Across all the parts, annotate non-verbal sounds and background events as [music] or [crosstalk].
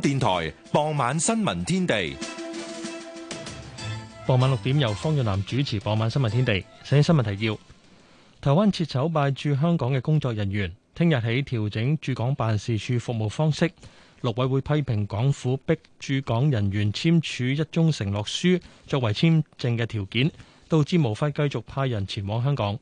電台傍晚新聞天地，傍晚六點由方潤南主持。傍晚新聞天地，首先新聞提要：台灣撤走派駐香港嘅工作人員，聽日起調整駐港辦事處服務方式。陸委會批評港府逼駐港人員簽署一宗承諾書作為簽證嘅條件，導致無法繼續派人前往香港。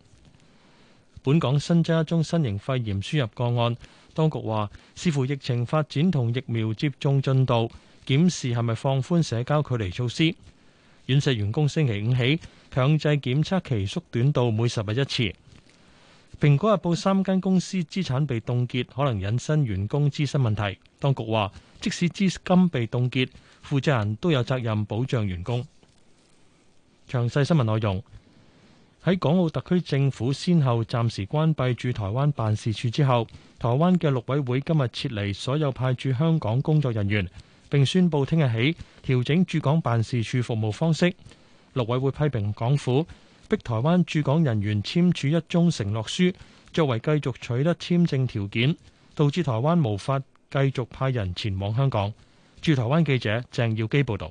本港新增一宗新型肺炎輸入個案。當局話視乎疫情發展同疫苗接種進度，檢視係咪放寬社交距離措施。院舍員工星期五起強制檢測期縮短到每十日一次。蘋果日報三間公司資產被凍結，可能引申員工資薪問題。當局話即使資金被凍結，負責人都有責任保障員工。詳細新聞內容喺港澳特區政府先後暫時關閉駐台灣辦事處之後。台灣嘅陸委會今日撤離所有派駐香港工作人員，並宣布聽日起調整駐港辦事處服務方式。陸委會批評港府逼台灣駐港人員簽署一宗承諾書，作為繼續取得簽證條件，導致台灣無法繼續派人前往香港。駐台灣記者鄭耀基報導。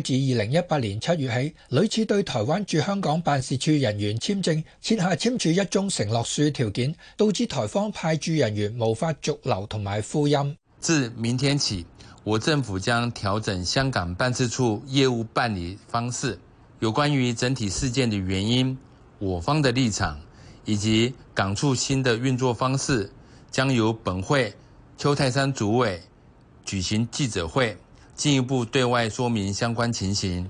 自二零一八年七月起，屢次對台灣駐香港辦事處人員簽證設下簽署一宗承諾書條件，導致台方派駐人員無法續留同埋赴任。自明天起，我政府將調整香港辦事處業務辦理方式。有關於整體事件的原因、我方的立場以及港處新的運作方式，將由本會邱泰山主委舉行記者會。進一步對外說明相關情形。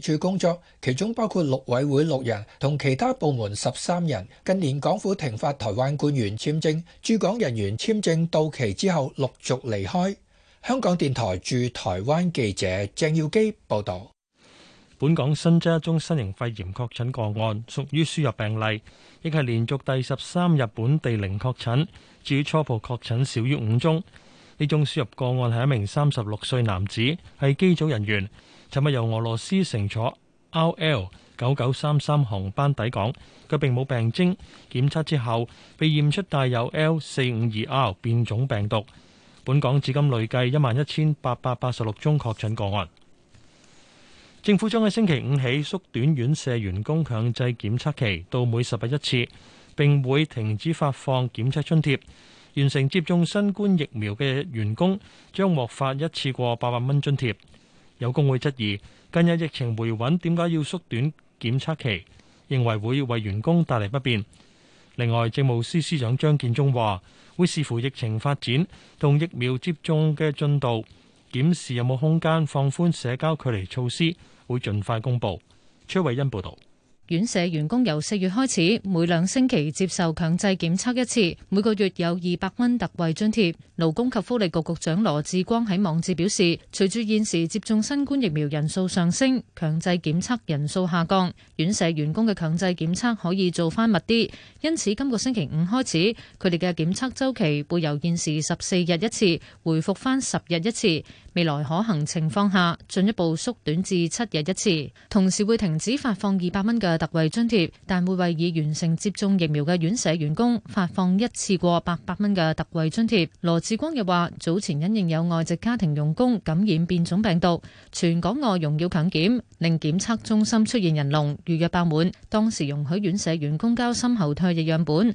處工作，其中包括陸委會六人同其他部門十三人。近年港府停發台灣官員簽證，駐港人員簽證到期之後陸續離開。香港電台駐台灣記者鄭耀基報道：本港新增一宗新型肺炎確診個案，屬於輸入病例，亦係連續第十三日本地零確診，至於初步確診少於五宗。呢宗輸入個案係一名三十六歲男子，係機組人員。尋日由俄羅斯乘坐 R L 九九三三航班抵港，佢並冇病徵，檢測之後被驗出帶有 L 四五二 R 變種病毒。本港至今累計一萬一千八百八十六宗確診個案。政府將喺星期五起縮短院舍員工強制檢測期到每十日一次，並會停止發放檢測津貼。完成接種新冠疫苗嘅員工將獲發一次過八萬蚊津貼。有工會質疑，近日疫情回穩，點解要縮短檢測期？認為會為員工帶嚟不便。另外，政務司司長張建宗話，會視乎疫情發展同疫苗接種嘅進度，檢視有冇空間放寬社交距離措施，會盡快公佈。崔偉恩報導。院舍員工由四月開始每兩星期接受強制檢測一次，每個月有二百蚊特惠津貼。勞工及福利局局長羅致光喺網誌表示，隨住現時接種新冠疫苗人數上升，強制檢測人數下降，院舍員工嘅強制檢測可以做翻密啲。因此今個星期五開始，佢哋嘅檢測周期會由現時十四日一次回復翻十日一次，未來可行情況下進一步縮短至七日一次。同時會停止發放二百蚊嘅特惠津貼，但會為已完成接種疫苗嘅院舍員工發放一次過八百蚊嘅特惠津貼。羅志光又話，早前因應有外籍家庭傭工感染變種病毒，全港外傭要強檢，令檢測中心出現人龍，預約爆滿，當時容許院舍員工交心後退嘅樣本。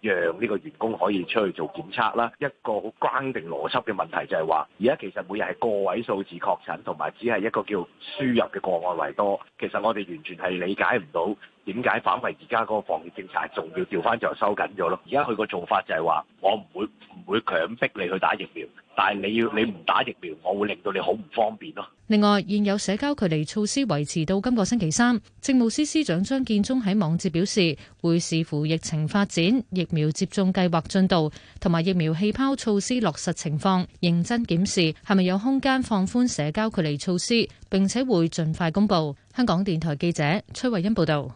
讓呢個員工可以出去做檢測啦。一個好關定邏輯嘅問題就係話，而家其實每日係個位數字確診同埋只係一個叫輸入嘅個案為多。其實我哋完全係理解唔到。點解反為而家嗰個防疫政策仲要調翻就收緊咗咯？而家佢個做法就係話，我唔會唔會強迫你去打疫苗，但係你要你唔打疫苗，我會令到你好唔方便咯。另外，現有社交距離措施維持到今個星期三。政務司司長張建宗喺網誌表示，會視乎疫情發展、疫苗接種計劃進度同埋疫苗氣泡措施落實情況，認真檢視係咪有空間放寬社交距離措施，並且會盡快公布。香港電台記者崔慧欣報導。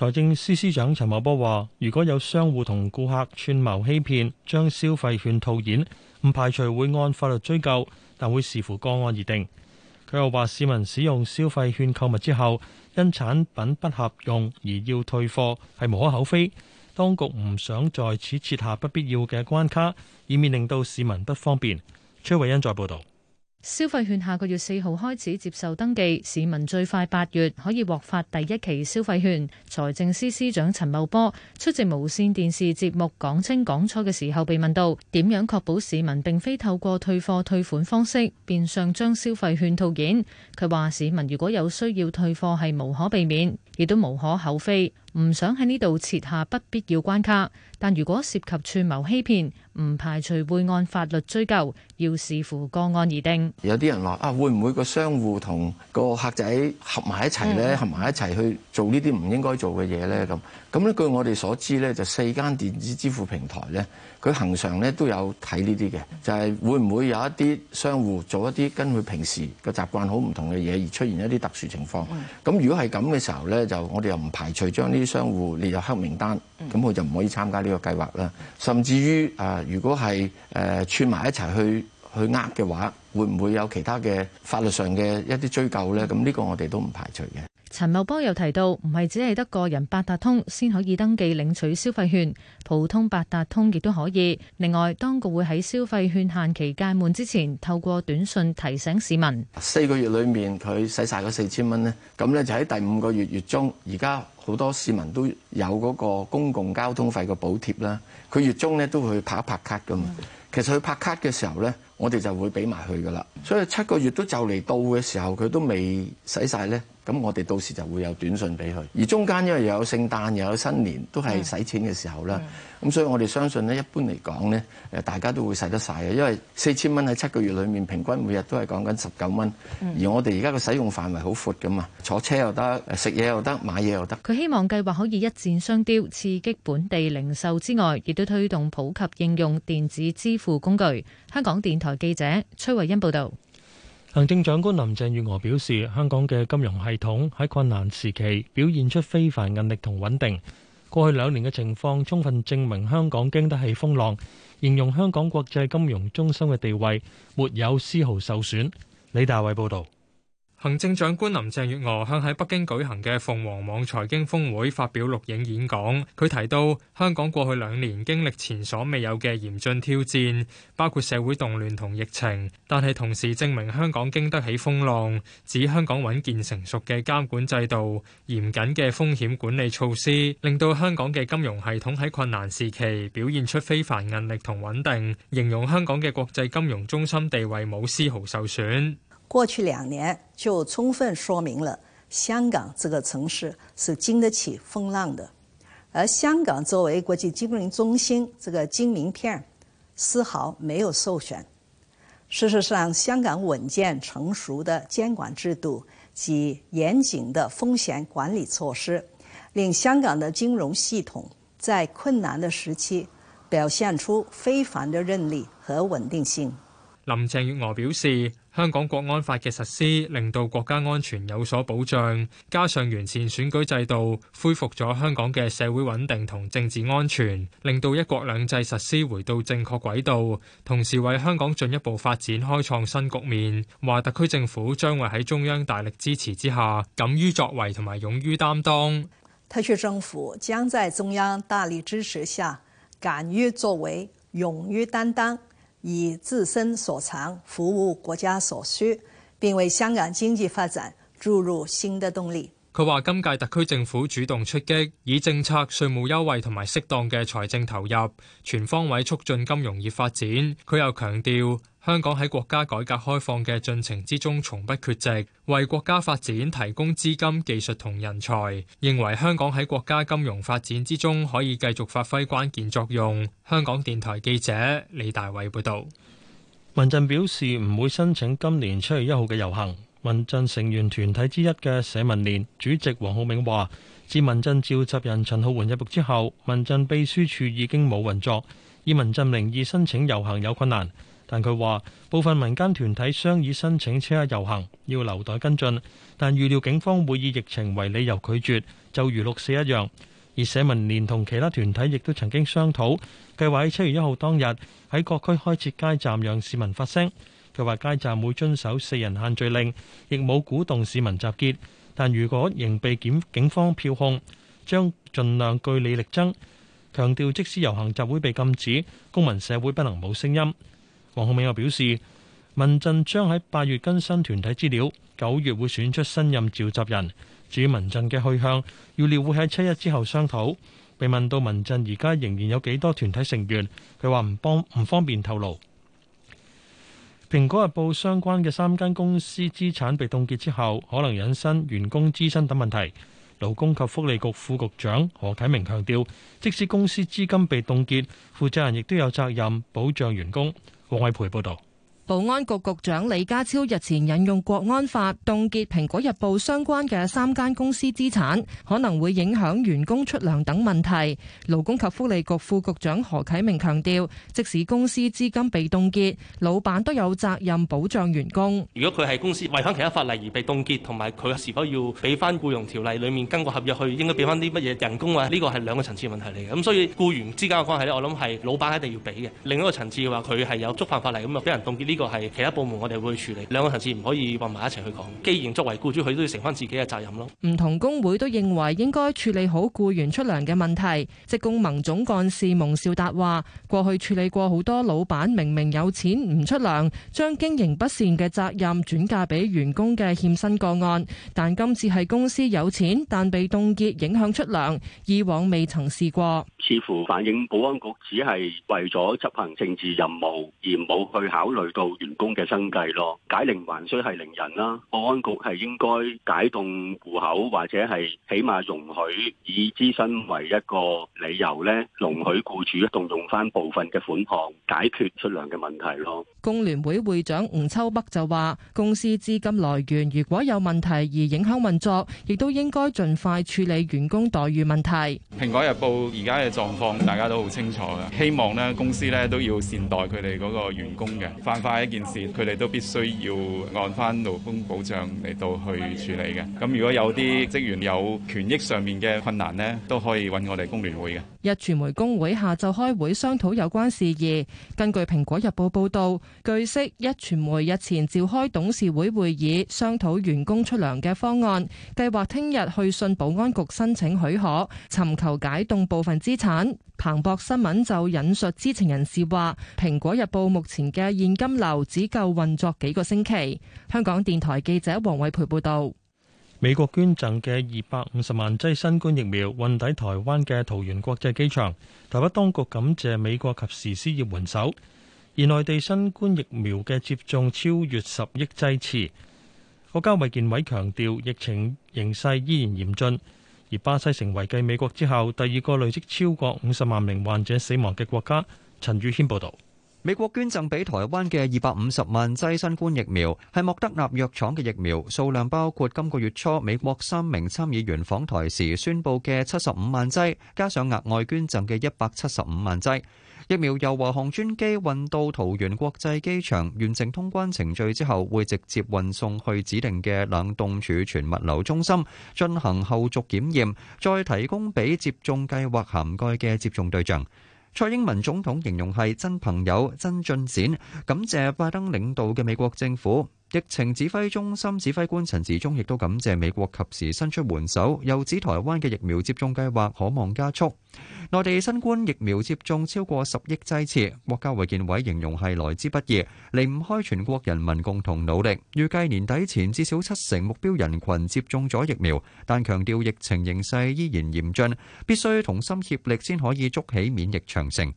財政司司長陳茂波話，如果有商戶同顧客串謀欺騙，將消費券套現，唔排除會按法律追究，但會視乎個案而定。佢又話，市民使用消費券購物之後，因產品不合用而要退貨，係無可厚非。當局唔想在此設下不必要嘅關卡，以免令到市民不方便。崔慧欣再報道。消費券下個月四號開始接受登記，市民最快八月可以獲發第一期消費券。財政司司長陳茂波出席無綫電視節目講清講錯嘅時候，被問到點樣確保市民並非透過退貨退款方式變相將消費券套現。佢話市民如果有需要退貨係無可避免，亦都無可厚非。唔想喺呢度設下不必要關卡，但如果涉及串謀欺騙，唔排除會按法律追究，要視乎個案而定。有啲人話啊，會唔會個商戶同個客仔合埋一齊咧，合埋一齊去做呢啲唔應該做嘅嘢咧？咁咁咧據我哋所知咧，就四間電子支付平台咧，佢恆常咧都有睇呢啲嘅，就係會唔會有一啲商戶做一啲跟佢平時嘅習慣好唔同嘅嘢，而出現一啲特殊情況，咁如果係咁嘅時候咧，就我哋又唔排除將呢。啲商戶列入黑名單，咁佢就唔可以參加呢個計劃啦。甚至於啊，如果係誒串埋一齊去去呃嘅話，會唔會有其他嘅法律上嘅一啲追究咧？咁呢個我哋都唔排除嘅。陳茂波又提到，唔係只係得個人八達通先可以登記領取消費券，普通八達通亦都可以。另外，當局會喺消費券限期屆滿之前，透過短信提醒市民。四個月裏面，佢使晒嗰四千蚊呢，咁咧就喺第五個月月中，而家好多市民都有嗰個公共交通費嘅補貼啦。佢月中呢都會去拍一拍卡噶嘛。其實佢拍卡嘅時候呢，我哋就會俾埋佢噶啦。所以七個月都就嚟到嘅時候，佢都未使晒呢。咁我哋到時就會有短信俾佢，而中間因為又有聖誕又有新年，都係使錢嘅時候啦。咁、嗯嗯、所以我哋相信呢，一般嚟講呢，誒大家都會使得晒嘅，因為四千蚊喺七個月裡面平均每日都係講緊十九蚊，而我哋而家嘅使用範圍好闊㗎嘛，坐車又得，食嘢又得，買嘢又得。佢希望計劃可以一箭雙雕，刺激本地零售之外，亦都推動普及應用電子支付工具。香港電台記者崔慧欣報道。行政長官林鄭月娥表示，香港嘅金融系統喺困難時期表現出非凡韌力同穩定。過去兩年嘅情況充分證明香港經得起風浪，形容香港國際金融中心嘅地位，沒有絲毫受損。李大偉報導。行政長官林鄭月娥向喺北京舉行嘅鳳凰網財經峰會發表錄影演講，佢提到香港過去兩年經歷前所未有嘅嚴峻挑戰，包括社會動亂同疫情，但係同時證明香港經得起風浪。指香港穩健成熟嘅監管制度、嚴謹嘅風險管理措施，令到香港嘅金融系統喺困難時期表現出非凡韌力同穩定，形容香港嘅國際金融中心地位冇絲毫受損。過去兩年就充分說明了香港這個城市是經得起風浪的，而香港作為國際金融中心這個金名片，絲毫沒有受損。事實上，香港穩健成熟的監管制度及嚴謹的風險管理措施，令香港的金融系統在困難的時期，表現出非凡的韌力和穩定性。林鄭月娥表示。香港國安法嘅實施令到國家安全有所保障，加上完善選舉制度，恢復咗香港嘅社會穩定同政治安全，令到一國兩制實施回到正確軌道，同時為香港進一步發展開創新局面。話特區政府將會喺中央大力支持之下，敢於作為同埋勇於擔當。特區政府將在中央大力支持下，敢於作為，勇於擔當。以自身所長服務國家所需，並為香港經濟發展注入新的動力。佢話今屆特區政府主動出擊，以政策、稅務優惠同埋適當嘅財政投入，全方位促進金融業發展。佢又強調，香港喺國家改革開放嘅進程之中，從不缺席，為國家發展提供資金、技術同人才。認為香港喺國家金融發展之中可以繼續發揮關鍵作用。香港電台記者李大偉報道。民陣表示唔會申請今年七月一號嘅遊行。民陣成員團體之一嘅社民連主席黃浩銘話，自民陣召集人陳浩桓入獄之後，民陣秘書處已經冇運作，以民陣名義申請遊行有困難。但佢話，部分民間團體商議申請車卡遊行，要留待跟進，但預料警方會以疫情為理由拒絕，就如六四一樣。而社民連同其他團體亦都曾經商討，計劃喺七月一號當日喺各區開設街站，讓市民發聲。佢話街站會遵守四人限聚令，亦冇鼓動市民集結。但如果仍被檢警方票控，將盡量據理力爭。強調即使遊行集會被禁止，公民社會不能冇聲音。黃浩銘又表示，民陣將喺八月更新團體資料，九月會選出新任召集人。至於民陣嘅去向，預料會喺七日之後商討。被問到民陣而家仍然有幾多團體成員，佢話唔幫唔方便透露。蘋果日報相關嘅三間公司資產被凍結之後，可能引申員工資薪等問題。勞工及福利局副局長何啟明強調，即使公司資金被凍結，負責人亦都有責任保障員工。黃偉培報道。保安局局長李家超日前引用國安法凍結蘋果日報相關嘅三間公司資產，可能會影響員工出糧等問題。勞工及福利局副局長何啟明強調，即使公司資金被凍結，老闆都有責任保障員工。如果佢係公司違反其他法例而被凍結，同埋佢是否要俾翻僱傭條例裏面跟個合約去，應該俾翻啲乜嘢人工啊？呢個係兩個層次問題嚟嘅。咁所以僱員之間嘅關係咧，我諗係老闆一定要俾嘅。另一個層次嘅話，佢係有觸犯法例咁就俾人凍結呢？個係其他部門，我哋會處理兩個層次，唔可以混埋一齊去講。既然作為僱主，佢都要承翻自己嘅責任咯。唔同工會都認為應該處理好僱員出糧嘅問題，職工盟總幹事蒙兆達話過去處理過好多老闆明明有錢唔出糧，將經營不善嘅責任轉嫁俾員工嘅欠薪個案，但今次係公司有錢，但被凍結影響出糧，以往未曾試過，似乎反映保安局只係為咗執行政治任務而冇去考慮到。員工嘅生計咯，解鈴還需繫鈴人啦。保安局係應該解凍戶口，或者係起碼容許以資薪為一個理由咧，容許僱主動用翻，部分嘅款項解決出糧嘅問題咯。工聯會會長吳秋北就話，公司資金來源如果有問題而影響運作，亦都應該盡快處理員工待遇問題。蘋果日報而家嘅狀況大家都好清楚嘅，希望咧公司咧都要善待佢哋嗰個員工嘅，翻快。一件事，佢哋都必須要按翻勞工保障嚟到去處理嘅。咁如果有啲職員有權益上面嘅困難咧，都可以揾我哋工聯會嘅。壹傳媒工會下晝開會商討有關事宜。根據蘋果日報報道，據悉壹傳媒日前召開董事會會議商討員工出糧嘅方案，計劃聽日去信保安局申請許可，尋求解凍部分資產。彭博新聞就引述知情人士話，蘋果日報目前嘅現金流只夠運作幾個星期。香港電台記者黃偉培報道。美國捐贈嘅二百五十萬劑新冠疫苗運抵台灣嘅桃園國際機場。台北當局感謝美國及時施以援手，而內地新冠疫苗嘅接種超越十億劑次。國家衛健委強調疫情形勢依然嚴峻，而巴西成為繼美國之後第二個累積超過五十萬名患者死亡嘅國家。陳宇軒報導。美國捐贈俾台灣嘅二百五十萬劑新冠疫苗，係莫德納藥廠嘅疫苗，數量包括今個月初美國三名參議員訪台時宣布嘅七十五萬劑，加上額外捐贈嘅一百七十五萬劑。疫苗由華航專機運到桃園國際機場，完成通關程序之後，會直接運送去指定嘅冷凍儲存物流中心進行後續檢驗，再提供俾接種計劃涵蓋嘅接種對象。蔡英文總統形容係真朋友、真進展，感謝拜登領導嘅美國政府。疫情指揮中心指揮官陳時中亦都感謝美國及時伸出援手，又指台灣嘅疫苗接種計劃可望加速。內地新冠疫苗接種超過十億劑次，國家衛健委形容係來之不易，離唔開全國人民共同努力。預計年底前至少七成目標人群接種咗疫苗，但強調疫情形勢依然嚴峻，必須同心協力先可以築起免疫長城。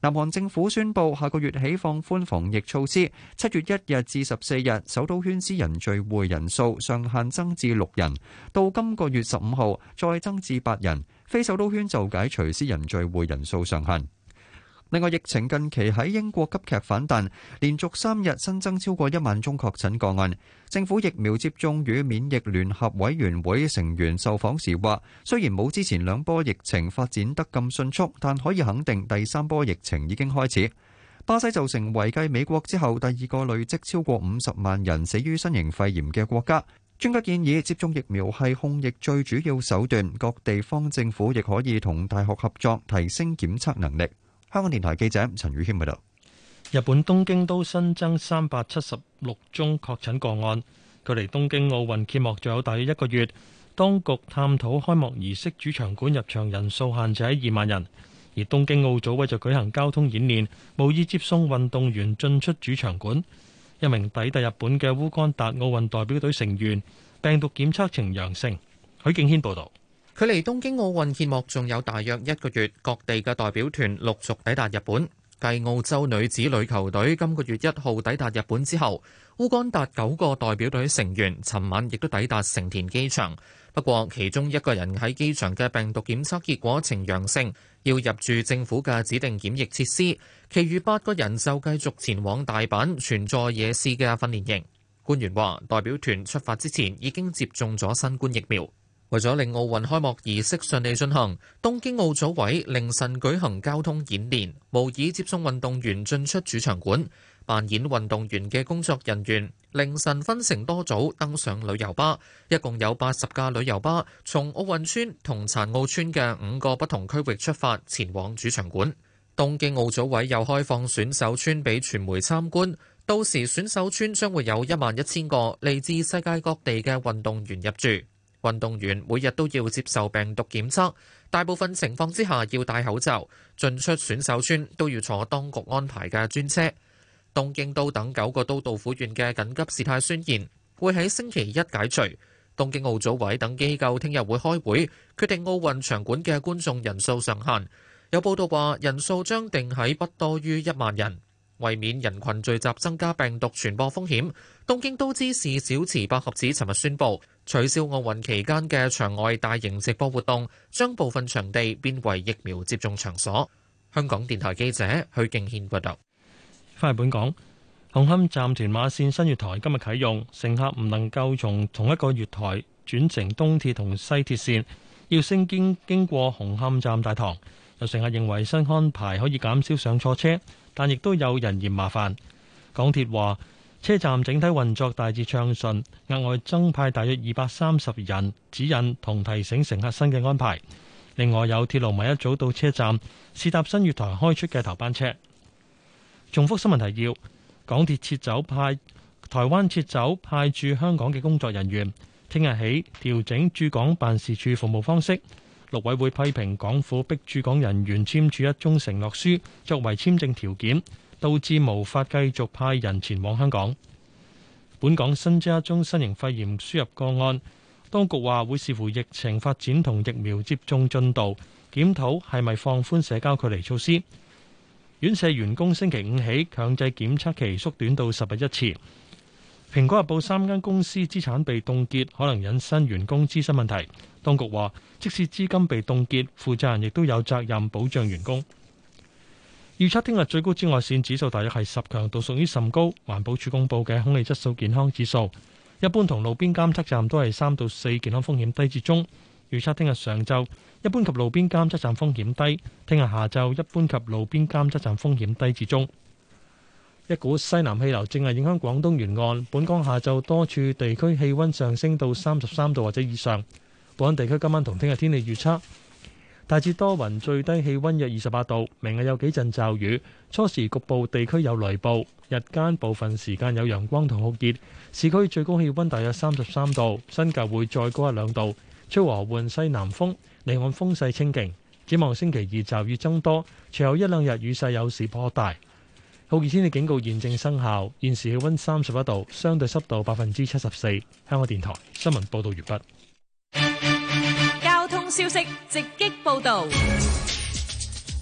南韓政府宣布，下個月起放寬防疫措施。七月一日至十四日，首都圈私人聚會人數上限增至六人，到今個月十五號再增至八人。非首都圈就解除私人聚會人數上限。另外，疫情近期喺英國急劇反彈，連續三日新增超過一萬宗確診個案。政府疫苗接種與免疫聯合委員會成員受訪時話：雖然冇之前兩波疫情發展得咁迅速，但可以肯定第三波疫情已經開始。巴西就成為繼美國之後第二個累積超過五十萬人死於新型肺炎嘅國家。專家建議接種疫苗係控疫最主要手段，各地方政府亦可以同大學合作提升檢測能力。香港電台記者陳宇謙報道：日本東京都新增三百七十六宗確診個案。距離東京奧運揭幕仲有大約一個月，當局探討開幕儀式主場館入場人數限制喺二萬人。而東京奧組委就舉行交通演練，模擬接送運動員進出主場館。一名抵達日本嘅烏干達奧運代表隊成員病毒檢測呈陽性。許敬軒報道。距離東京奧運揭幕仲有大約一個月，各地嘅代表團陸續抵達日本。繼澳洲女子壘球隊今個月一號抵達日本之後，烏干達九個代表隊成員尋晚亦都抵達成田機場。不過其中一個人喺機場嘅病毒檢測結果呈陽性，要入住政府嘅指定檢疫設施。其餘八個人就繼續前往大阪泉佐野市嘅訓練營。官員話，代表團出發之前已經接種咗新冠疫苗。為咗令奧運開幕儀式順利進行，東京奧組委凌晨舉行交通演練，模擬接送運動員進出主場館。扮演運動員嘅工作人員凌晨分成多組登上旅遊巴，一共有八十架旅遊巴從奧運村同殘奧村嘅五個不同區域出發，前往主場館。東京奧組委又開放選手村俾傳媒參觀，到時選手村將會有一萬一千個嚟自世界各地嘅運動員入住。運動員每日都要接受病毒檢測，大部分情況之下要戴口罩，進出選手村都要坐當局安排嘅專車。東京都等九個都道府縣嘅緊急事態宣言會喺星期一解除。東京奧組委等機構聽日會開會決定奧運場館嘅觀眾人數上限，有報道話人數將定喺不多於一萬人，為免人群聚集增加病毒傳播風險。東京都知事小池百合子尋日宣布，取消奧運期間嘅場外大型直播活動，將部分場地變為疫苗接種場所。香港電台記者許敬軒報道。返嚟本港，紅磡站屯馬綫新月台今日啟用，乘客唔能夠從同一個月台轉乘東鐵同西鐵綫，要升經經過紅磡站大堂。有乘客認為新安排可以減少上錯車，但亦都有人嫌麻煩。港鐵話。車站整體運作大致暢順，額外增派大約二百三十人指引同提醒乘客新嘅安排。另外有鐵路迷一早到車站試搭新月台開出嘅頭班車。重複新聞提要：港鐵撤走派台灣撤走派駐香港嘅工作人員，聽日起調整駐港辦事處服務方式。陸委會批評港府逼駐港人員簽署一宗承諾書作為簽證條件。導致無法繼續派人前往香港。本港新增一宗新型肺炎輸入個案，當局話會視乎疫情發展同疫苗接種進度，檢討係咪放寬社交距離措施。院舍員工星期五起強制檢測期縮短到十日一次。蘋果日報三間公司資產被凍結，可能引申員工資薪問題。當局話，即使資金被凍結，負責人亦都有責任保障員工。預測聽日最高紫外線指數大約係十，強度屬於甚高。環保署公布嘅空氣質素健康指數，一般同路邊監測站都係三到四，健康風險低至中。預測聽日上晝一般及路邊監測站風險低，聽日下晝一般及路邊監測站風險低至中。一股西南氣流正係影響廣東沿岸，本港下晝多處地區氣溫上升到三十三度或者以上。本港地區今晚同聽日天氣預測。大致多雲，最低氣溫約二十八度。明日有幾陣驟雨，初時局部地區有雷暴，日間部分時間有陽光同酷熱。市區最高氣溫大約三十三度，新界會再高一兩度。吹和緩西南風，離岸風勢清勁。展望星期二驟雨增多，隨後一兩日雨勢有時頗大。酷熱天氣警告現正生效，現時氣溫三十一度，相對濕度百分之七十四。香港電台新聞報道完畢。消息直擊報道，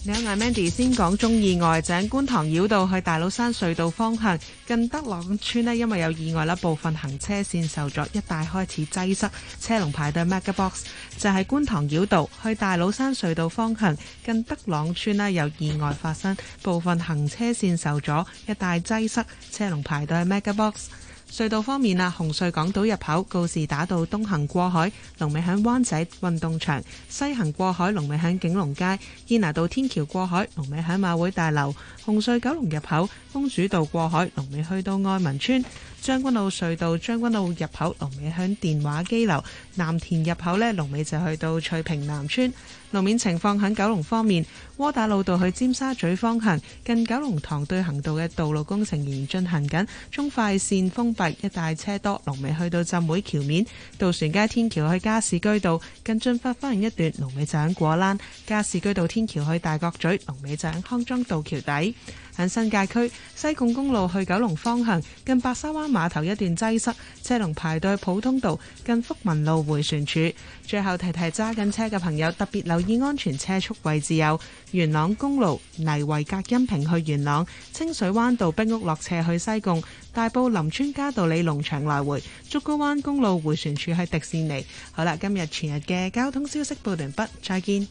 你好，我係 Mandy。先講中意外，就喺觀塘繞道去大老山隧道方向，近德朗村咧，因為有意外啦，部分行車線受阻，一帶開始擠塞，車龍排隊。Mega Box 就係觀塘繞道去大老山隧道方向，近德朗村咧有意外發生，部分行車線受阻，一帶擠塞，車龍排隊。Mega Box 隧道方面啊，紅隧港島入口告士打道東行過海，龍尾喺灣仔運動場；西行過海，龍尾喺景隆街。堅拿道天橋過海，龍尾喺馬會大樓。紅隧九龍入口。公主道過海，龍尾去到愛民村將軍澳隧道將軍澳入口，龍尾響電話機樓南田入口咧，龍尾就去到翠屏南村路面情況喺九龍方面，窩打老道去尖沙咀方向，近九龍塘對行道嘅道路工程仍然進行緊，中快線封閉一帶車多，龍尾去到浸會橋面，渡船街天橋去加士居道近進發方向一段，龍尾就響果欄加士居道天橋去大角咀，龍尾就響康莊道橋底。喺新界區西貢公路去九龍方向近白沙灣碼頭一段擠塞，車龍排到普通道近福民路回旋處。最後提提揸緊車嘅朋友，特別留意安全車速位置有元朗公路泥圍隔音屏去元朗、清水灣道壁屋落斜去西貢、大埔林村嘉道理農場來回、竹篙灣公路回旋處去迪士尼。好啦，今日全日嘅交通消息報完畢，再見。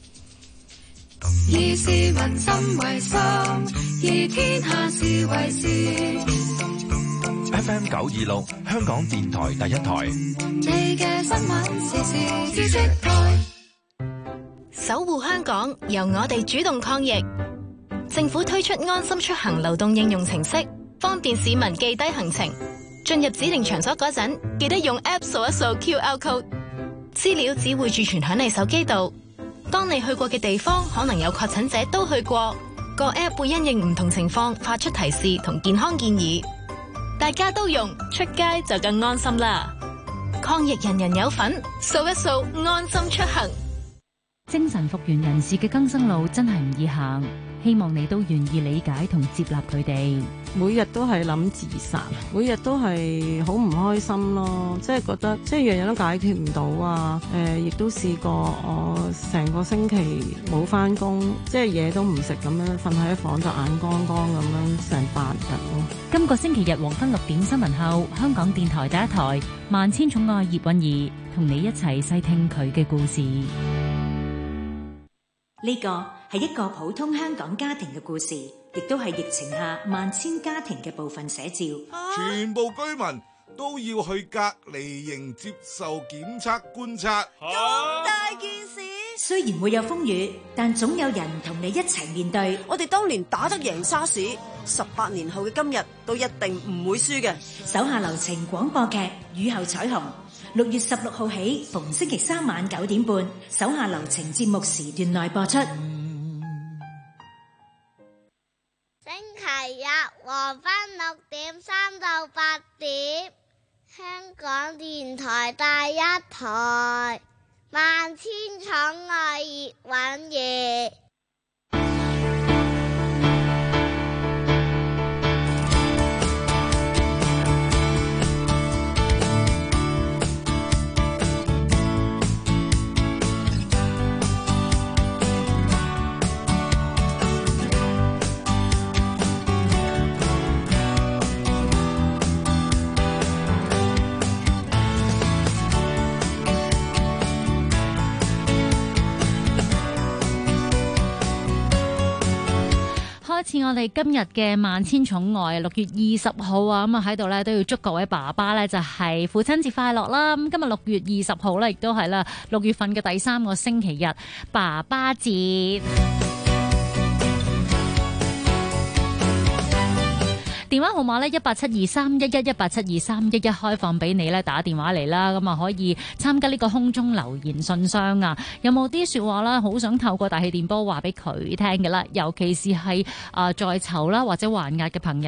[music] 以市民心為心，以天下事為事。FM 九二六，香港電台第一台。你嘅新聞時時資訊台，守護香港，由我哋主動抗疫。政府推出安心出行流動應用程式，方便市民記低行程。進入指定場所嗰陣，記得用 App 掃一掃 QR Code，資料只會儲存響你手機度。當你去過嘅地方可能有確診者都去過，個 App 會因應唔同情況發出提示同健康建議，大家都用出街就更安心啦！抗疫人人有份，掃一掃安心出行。精神復原人士嘅更生路真係唔易行，希望你都願意理解同接納佢哋。每日都係諗自殺，每日都係好唔開心咯，即、就、係、是、覺得即係樣樣都解決唔到啊。誒、呃，亦都試過我成個星期冇翻工，即係嘢都唔食咁樣，瞓喺房就眼光光咁樣成八日咯。今個星期日黃昏六點新聞後，香港電台第一台萬千寵愛葉韻怡同你一齊細聽佢嘅故事。呢個係一個普通香港家庭嘅故事，亦都係疫情下萬千家庭嘅部分寫照。全部居民都要去隔離營接受檢測觀察，咁大件事。雖然會有風雨，但總有人同你一齊面對。我哋當年打得贏沙士，十八年後嘅今日都一定唔會輸嘅。手下留情廣播劇《雨後彩虹》。六月十六號起，逢星期三晚九點半，手下留情節目時段內播出。星期日黃昏六點三到八點，香港電台第一台，萬千寵愛葉蘊儀。我哋今日嘅萬千寵愛，六月二十號啊，咁啊喺度咧都要祝各位爸爸咧就係、是、父親節快樂啦！咁今日六月二十號咧，亦都係啦六月份嘅第三個星期日，爸爸節。電話號碼咧，一八七二三一一一八七二三一一，開放俾你咧打電話嚟啦，咁啊可以參加呢個空中留言信箱啊，有冇啲說話啦，好想透過大氣電波話俾佢聽嘅啦？尤其是係啊在囚啦或者還押嘅朋友。